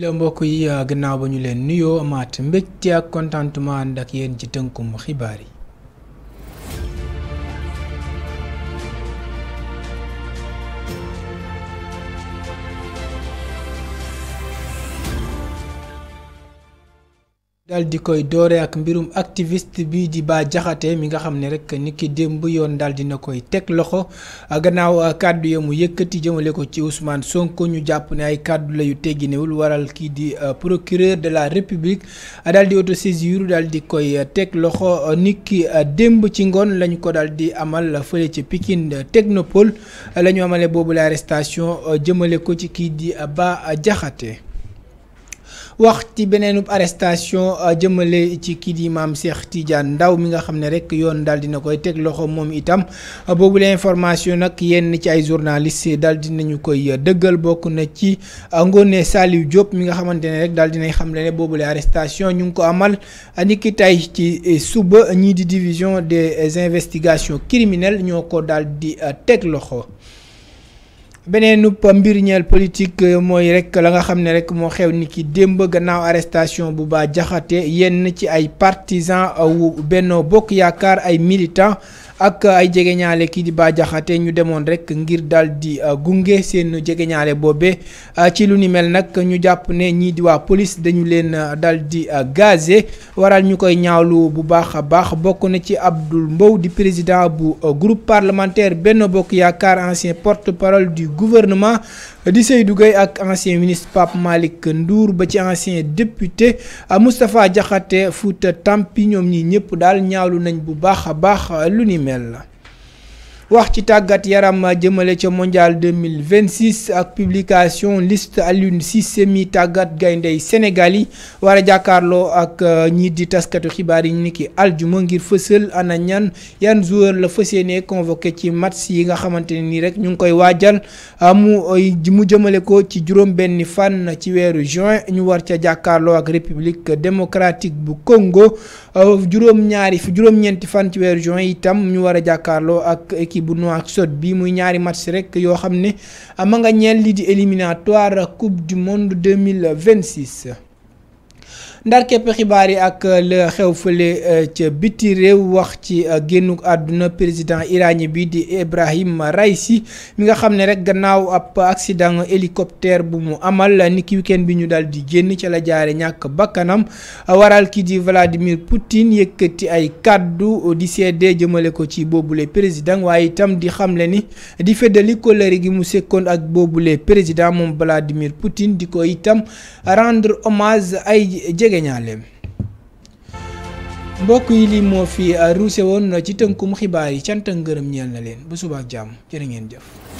la mbokk yi gannaaw ba ñu leen nuyoo amaat mbégte ak contentement ndak ak ji ci tënkum xibaar yi. daal di koy doore ak mbirum activiste bi di Bah Diakhaté mi nga xam ne rek ni ki démb yoon daal na koy teg loxo gannaaw kàddu ya mu yëkkati jëmale ko ci Ousmane Sonko ñu jàpp ne ay kàddu la yu tegginewul waral kii di euh, procureur de la République daal di auto-saisir daal di koy euh, teg loxo ni ki euh, démb ci ngoon lañ ko daal di amal fële ci pikin Technopole la ñu amale boobu la arrestation jëmale ko ci kii di Bah Diakhaté wax ci beneenub arrestation euh, jëmale ci kii di maam Cheikh Tidiane Ndaw mi nga xam ne rek yoon daal dina koy teg loxo moom itam euh, boobu la information nag yenn ci ay journaliste daal nañu koy euh, dëggal bokk na ci Ngoné Saliou Diop mi nga xamante ne rek daal dinay xamle ne boobu la arrestation ñu ngi ko amal niki tay ci suba ñii di division des investigation criminelles ñoo ko daal di teg loxo. beneen mbir ñeel politique euh, mooy rek la nga xam ne rek moo xew ni ki démb gannaaw arrestation bu ba jaxate yenn ci ay partisans euh, wu Benno Bokk Yaakaar ay militants. ak ay jegeñaale kii di Bah ñu demoon rek ngir daal di euh, gunge seen jegeñaale boobe euh, ci lu ni mel nag ñu jàpp ne ñii di waa police dañu leen euh, daal di gazé waral ñu koy ñaawlu bu baax a baax bokk na ci Abdoul Mbow di président bu groupe parlementaire benn Bokk Yaakaar ancien porte-parole du gouvernement di Seydou Gueye ak ancien ministre Pape Malick nduur ba ci ancien député ah, Moustapha Diakhaté Fouta Tampi ñoom ñi ñëpp daal ñaalu nañ bu baax a baax lu ni mel. wax ci tàggat yaram jëmale ca mondial 2026 ak publication liste Aliou Cissé mi tàggat gayndey Sénégal yi war a jàkkaarloo ak euh, ñii di taskatu xibaar yi ni ki aljuma ngir fësal ana ñan yan joueur la fas yéene convoqué ci match yi nga xamante ne nii rek ñu ngi koy waajal euh, mu euh, mu jëmale ko ci juróom benn fan ci weeru juin ñu war ca jàkkaarloo ak république démocratique bu kongo juróom ñaari juróom-ñeenti fan ci weeru juin itam ñu war a jàkkaarloo ak équipe bu sot bi muy ñaari match rek yoo xam ne ma nga ñeel li di éliminatoire coupe du monde 2026 ndar képp xibaar yi ak euh, la xew fële euh, ca biti réew wax ci euh, génnu àdduna président iranien bi di Ibrahim Raisi mi nga xam ne rek gannaaw ab accident hélicoptère bu mu amal ni ki weekend bi ñu dal di génn ca la jaare ñàkk bakkanam waral ki di Vladimir Poutine yëkkati ay kàddu di seede jëmale ko ci boobule président waaye itam di xamle ni di feddali kóllëre gi mu sekkoon ak boobule président moom Vladimir Poutine di ko itam rendre hommage ay jege jegeñaaleem mbokk yi lii moo fi uh, ruuse woon ci tënkum xibaar yi cant ak ngërëm ñeel na leen ba suba ak jàmm jërë ngeen jëf.